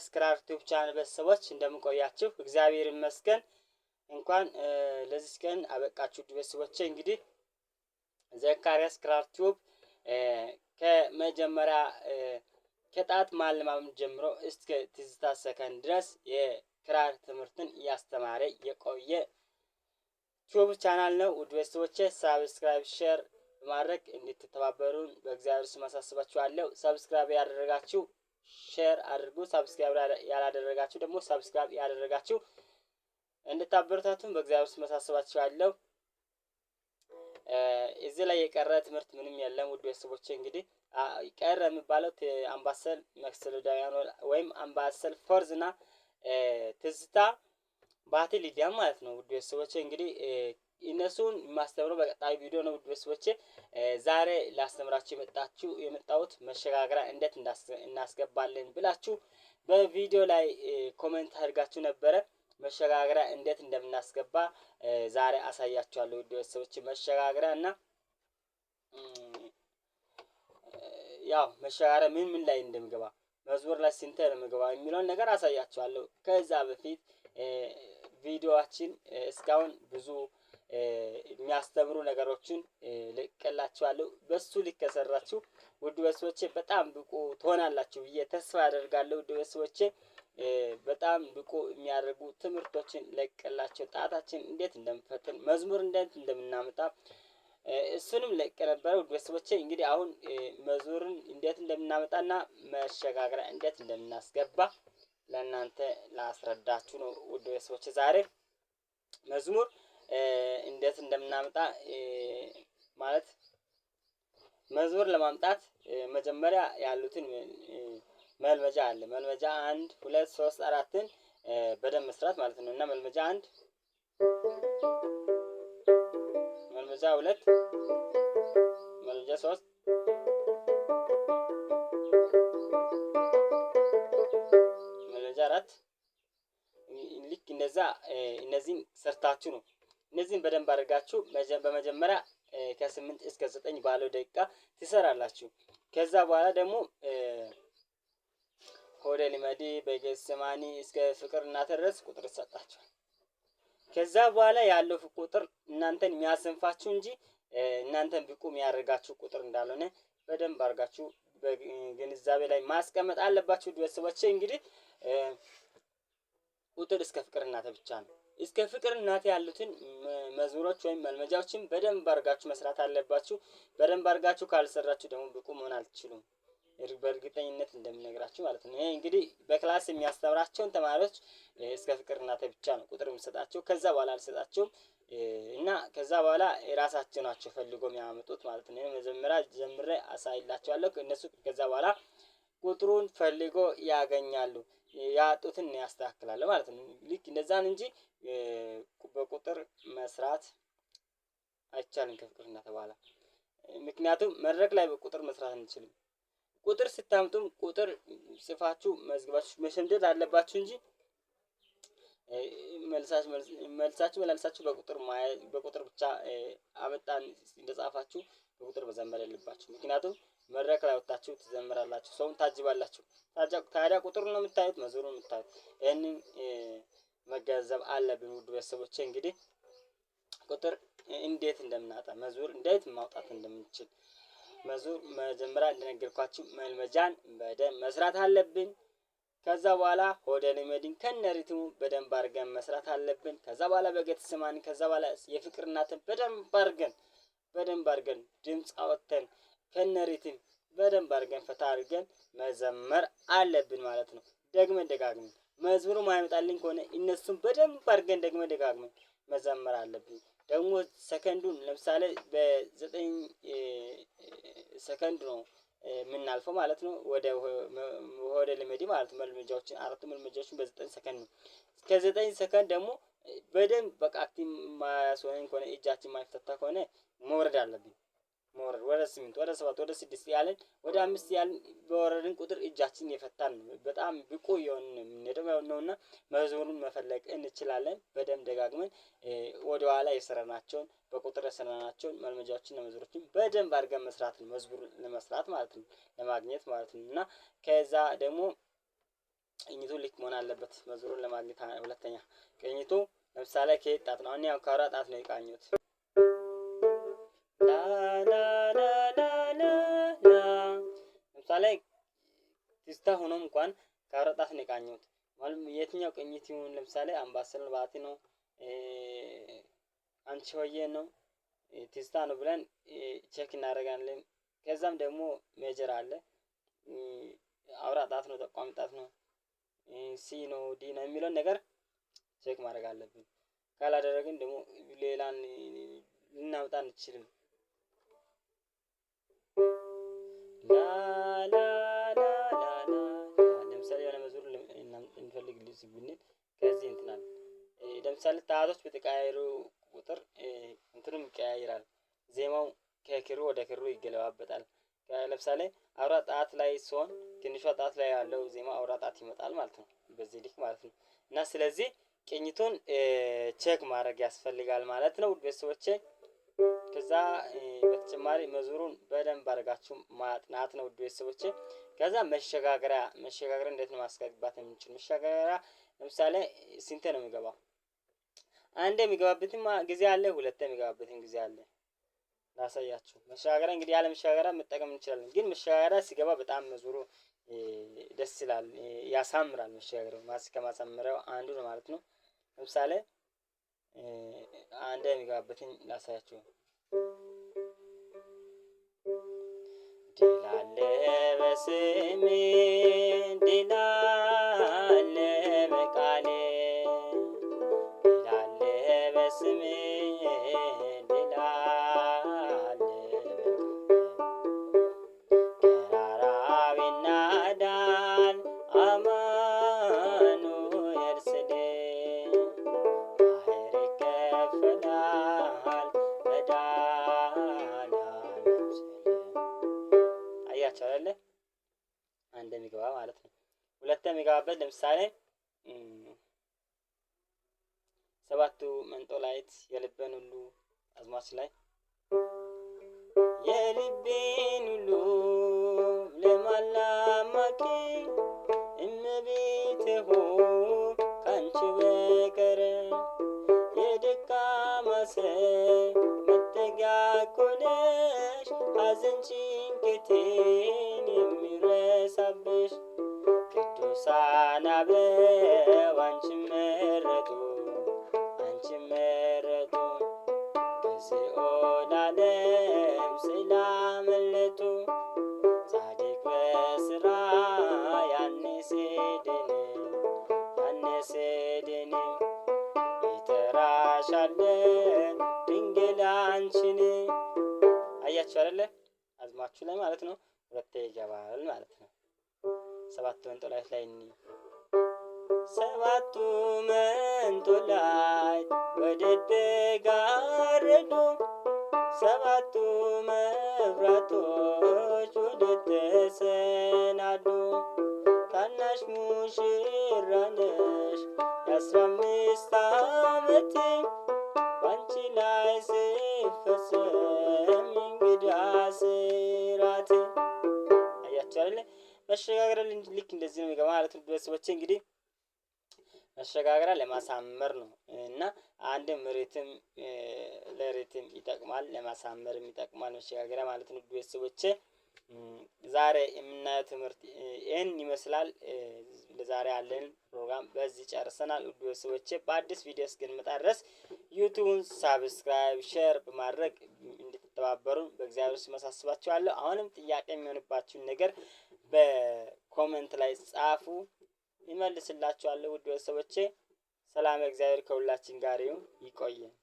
የኤልያስ ክራር ዩቲዩብ ቻናል ቤተሰቦች እንደምንቆያችሁ እግዚአብሔር ይመስገን። እንኳን ለዚህ ቀን አበቃችሁ ቤተሰቦቼ። እንግዲህ ዘካርያስ ክራር ዩቲዩብ ከመጀመሪያ ከጣት ማለማመድ ጀምሮ እስከ ትዝታ ሰከንድ ድረስ የክራር ትምህርትን እያስተማረ የቆየ ዩቲዩብ ቻናል ነው። ውድ ቤተሰቦቼ ሳብስክራይብ፣ ሼር በማድረግ እንድትተባበሩን በእግዚአብሔር ስም አሳስባችኋለሁ። ሰብስክራይብ ያደረጋችሁ ሼር አድርጉ። ሰብስክራይብ ያላደረጋችሁ ደግሞ ሰብስክራይብ ያደረጋችሁ እንድታበረታቱን በእግዚአብሔር ስም አሳስባችኋለሁ። እዚህ ላይ የቀረ ትምህርት ምንም የለም። ውድ ቤተሰቦቼ እንግዲህ ቀረ የሚባለው አምባሰል መክሰሎዳውያን ወይም አምባሰል ፎርዝ እና ትዝታ ባቲ ሊዲያ ማለት ነው። ውድ ቤተሰቦቼ እንግዲህ እነሱን የማስተምረው በቀጣይ ቪዲዮ ነው። ቤተሰቦቼ ዛሬ ላስተምራችሁ የመጣችሁ የመጣሁት መሸጋገሪያ እንዴት እናስገባለን ብላችሁ በቪዲዮ ላይ ኮሜንት አድርጋችሁ ነበረ። መሸጋገሪያ እንዴት እንደምናስገባ ዛሬ አሳያችኋለሁ። ውድ ቤተሰቦች መሸጋገሪያ እና ያው መሸጋገሪያ ምን ምን ላይ እንደምገባ መዝሙር ላይ ስንት ነው የሚለውን ነገር አሳያችኋለሁ። ከዛ በፊት ቪዲዮዋችን እስካሁን ብዙ የሚያስተምሩ ነገሮችን ልቀላችኋለሁ። በሱ ልክ ውድ ቤተሰቦቼ በጣም ብቁ ትሆናላችሁ ብዬ ተስፋ አደርጋለሁ። ውድ ቤተሰቦቼ በጣም ብቁ የሚያደርጉ ትምህርቶችን ለቀላቸው። ጣታችን እንዴት እንደምፈጥን መዝሙር እንዴት እንደምናመጣ እሱንም ለቅ ነበረ። ውድ ቤተሰቦቼ እንግዲህ አሁን መዝሙርን እንዴት እንደምናመጣና መሸጋገሪያ እንዴት እንደምናስገባ ለእናንተ ላስረዳችሁ ነው። ውድ ቤተሰቦቼ ዛሬ መዝሙር እንዴት እንደምናመጣ ማለት መዝሙር ለማምጣት መጀመሪያ ያሉትን መልመጃ አለ። መልመጃ አንድ ሁለት ሶስት አራትን በደንብ መስራት ማለት ነው እና መልመጃ አንድ መልመጃ ሁለት መልመጃ ሶስት መልመጃ አራት ልክ እንደዛ እነዚህን ሰርታችሁ ነው እነዚህን በደንብ አድርጋችሁ በመጀመሪያ ከስምንት እስከ ዘጠኝ ባለው ደቂቃ ትሰራላችሁ። ከዛ በኋላ ደግሞ ሆደል መዲ በጌተሰማኒ እስከ ፍቅር እናተ ድረስ ቁጥር ይሰጣችኋል። ከዛ በኋላ ያለው ቁጥር እናንተን የሚያሰንፋችሁ እንጂ እናንተን ብቁ የሚያደርጋችሁ ቁጥር እንዳልሆነ በደንብ አድርጋችሁ በግንዛቤ ላይ ማስቀመጥ አለባችሁ። ቤተሰቦቼ እንግዲህ ቁጥር እስከ ፍቅር እናተ ብቻ ነው። እስከ ፍቅር እናት ያሉትን መዝሙሮች ወይም መልመጃዎችን በደንብ አድርጋችሁ መስራት አለባችሁ። በደንብ አድርጋችሁ ካልሰራችሁ ደግሞ ብቁ መሆን አልችሉም፣ በእርግጠኝነት እንደምነግራችሁ ማለት ነው። ይሄ እንግዲህ በክላስ የሚያስተምራቸውን ተማሪዎች እስከ ፍቅር እናቴ ብቻ ነው ቁጥር የምሰጣቸው። ከዛ በኋላ አልሰጣቸውም እና ከዛ በኋላ የራሳቸው ናቸው ፈልጎ የሚያመጡት ማለት ነው። መጀመሪያ ጀምሬ አሳይላቸዋለሁ። እነሱ ከዛ በኋላ ቁጥሩን ፈልጎ ያገኛሉ። ያጡትን ያስተካክላለሁ ማለት ነው። ልክ እንደዛን እንጂ በቁጥር መስራት አይቻልም ከፍቅር እንደተባለ። ምክንያቱም መድረክ ላይ በቁጥር መስራት አንችልም። ቁጥር ስታምጡም ቁጥር ጽፋችሁ መዝግባችሁ መሸምደድ አለባችሁ እንጂ መልሳችሁ መላልሳችሁ በቁጥር በቁጥር ብቻ አመጣን እንደጻፋችሁ በቁጥር መዘመር የለባችሁ። ምክንያቱም መድረክ ላይ ወጣችሁ ትዘምራላችሁ፣ ሰውን ታጅባላችሁ። ታዲያ ቁጥሩ ነው የምታዩት፣ መዞሩን የምታዩት ይህንን መገንዘብ አለብን። ውድ ቤተሰቦቼ እንግዲህ ቁጥር እንዴት እንደምናጣ መዝሙር እንዴት ማውጣት እንደምንችል መዝሙር መጀመሪያ እንደነገርኳችሁ መልመጃን በደንብ መስራት አለብን። ከዛ በኋላ ሆደ ልመድን ከነሪትሙ በደንብ አድርገን መስራት አለብን። ከዛ በኋላ ስማን ከዛ በኋላ የፍቅር በደንብ አድርገን በደንብ አድርገን ድምፅ አወጥተን ከነሪትም በደንብ አድርገን ፈታ አድርገን መዘመር አለብን ማለት ነው ደግመን ደጋግመን መዝሙሩ ማይመጣልኝ ከሆነ እነሱን በደንብ አድርገን ደግመ ደጋግመን መዘመር አለብኝ። ደግሞ ሰከንዱን ለምሳሌ በዘጠኝ ሰከንድ ነው የምናልፈው ማለት ነው። ወደ ወደ ልመዲ ማለት መልመጃዎችን አራቱ መልመጃዎችን በዘጠኝ ሰከንድ ነው። ከዘጠኝ ሰከንድ ደግሞ በደንብ በቃ አክቲቭ ማያስሆነኝ ከሆነ እጃችን ማይፈታ ከሆነ መውረድ አለብኝ። መውረድ ወደ ስምንት ወደ ሰባት ወደ ስድስት ያለን ወደ አምስት ያለን በወረድን ቁጥር እጃችን የፈታን ነው። በጣም ብቁ የሆን የምንሄደው ነውና መዝሙሩን መፈለግ እንችላለን። በደንብ ደጋግመን ወደኋላ የሰራናቸውን በቁጥር የሰራናቸውን መልመጃዎችን ለመዞሮችን በደንብ አድርገን መስራት ነው። መዝሙር ለመስራት ማለት ነው፣ ለማግኘት ማለት ነው። እና ከዛ ደግሞ ቅኝቱ ልክ መሆን አለበት። መዝሙሩን ለማግኘት ሁለተኛ ቅኝቱ ለምሳሌ ከየት ጣት ነው? አሁን ያው ከራ ጣት ነው የቃኘሁት ደስታ ሆኖ እንኳን ከአረጣት ነው ማለት የትኛው ቅኝት ይሁን ለምሳሌ አምባሰል ባቲ ነው አንቺ ሆዬ ነው ቴስታ ነው ብለን ቼክ እናደርጋለን። ከዛም ደግሞ ሜጀር አለ አውራ ጣት ነው ጠቋሚ ጣት ነው ሲ ነው ዲ ነው የሚለውን ነገር ቼክ ማድረግ አለብን። ካላደረግን ደግሞ ሌላን ልናመጣ አንችልም። ላላ እንደዚህ ብንል ከዚህ እንትናል ለምሳሌ ተዓዛቶች በተቀያየሩ ቁጥር እንትኑም ይቀያይራል። ዜማው ከክሩ ወደ ክሩ ይገለባበጣል። ለምሳሌ አውራ ጣት ላይ ሲሆን ትንሿ ጣት ላይ ያለው ዜማ አውራ ጣት ይመጣል ማለት ነው። በዚህ ልክ ማለት ነው እና ስለዚህ ቅኝቱን ቼክ ማድረግ ያስፈልጋል ማለት ነው ቤተሰቦቼ። ከዛ በተጨማሪ መዝሙሩን በደንብ አድርጋችሁ ማጥናት ነው ቤተሰቦቼ። ከዛ መሸጋገሪያ መሸጋገሪያ እንዴት ነው ማስገባት የምንችል? መሸጋገሪያ ለምሳሌ ስንቴ ነው የሚገባው? አንዴ የሚገባበትም ጊዜ አለ፣ ሁለት የሚገባበትም ጊዜ አለ። ላሳያችሁ። መሸጋገሪያ እንግዲህ ያለ መሸጋገሪያ መጠቀም እንችላለን፣ ግን መሸጋገሪያ ሲገባ በጣም መዞሩ ደስ ይላል፣ ያሳምራል። መሸጋገሪያ ማስ ከማሳምሪያው አንዱ ነው ማለት ነው። ለምሳሌ አንዴ የሚገባበትን ላሳያችሁ። seni የምንሰራበት ለምሳሌ ሰባቱ መንጦላይት የልቤን ሁሉ አዝማች ላይ የልቤን ሁሉ ለማላ ከሲኦል ዓለም ስላመለጡ ጻድቅ በስራ ያንስ ድን ያንስ ድን ይጠራሻለን ድንግል አንቺን አያችሁ አይደለ አዝማችሁ ላይ ማለት ነው። ሁለቴ ይገባል ማለት ነው። ሰባት ወንጦላይት ላይ ሰባቱ መንጦላዕት ወደ ደጋ አረዱ። ሰባቱ መብራቶች ወደ ተሰናዱ። ታናሽ ሙሽራ ነሽ የአስራ አምስት አመት ባንቺ ላይ ሲፈጸም እንግዳ ስራቴ አያቸው አይደለ መሸጋገር ልክ እንደዚህ ነው የሚገባ ማለት ነው። ቤተሰቦቼ እንግዲህ መሸጋገሪያ ለማሳመር ነው እና አንድ ምሬትም ለሬትም ይጠቅማል ለማሳመርም ይጠቅማል መሸጋገሪያ ማለት ነው። ቤተሰቦቼ ዛሬ የምናየው ትምህርት ይህን ይመስላል። ለዛሬ ያለን ፕሮግራም በዚህ ጨርሰናል። ውድ ቤተሰቦቼ በአዲስ ቪዲዮ እስክንመጣ ድረስ ዩቱቡን ሳብስክራይብ፣ ሼር በማድረግ እንድትተባበሩን በእግዚአብሔር ውስጥ አሳስባችኋለሁ። አሁንም ጥያቄ የሚሆንባችሁን ነገር በኮመንት ላይ ጻፉ። ይመልስላችኋለሁ። ውድ ቤተሰቦቼ ሰላም፣ እግዚአብሔር ከሁላችን ጋር ይሁን። ይቆየን።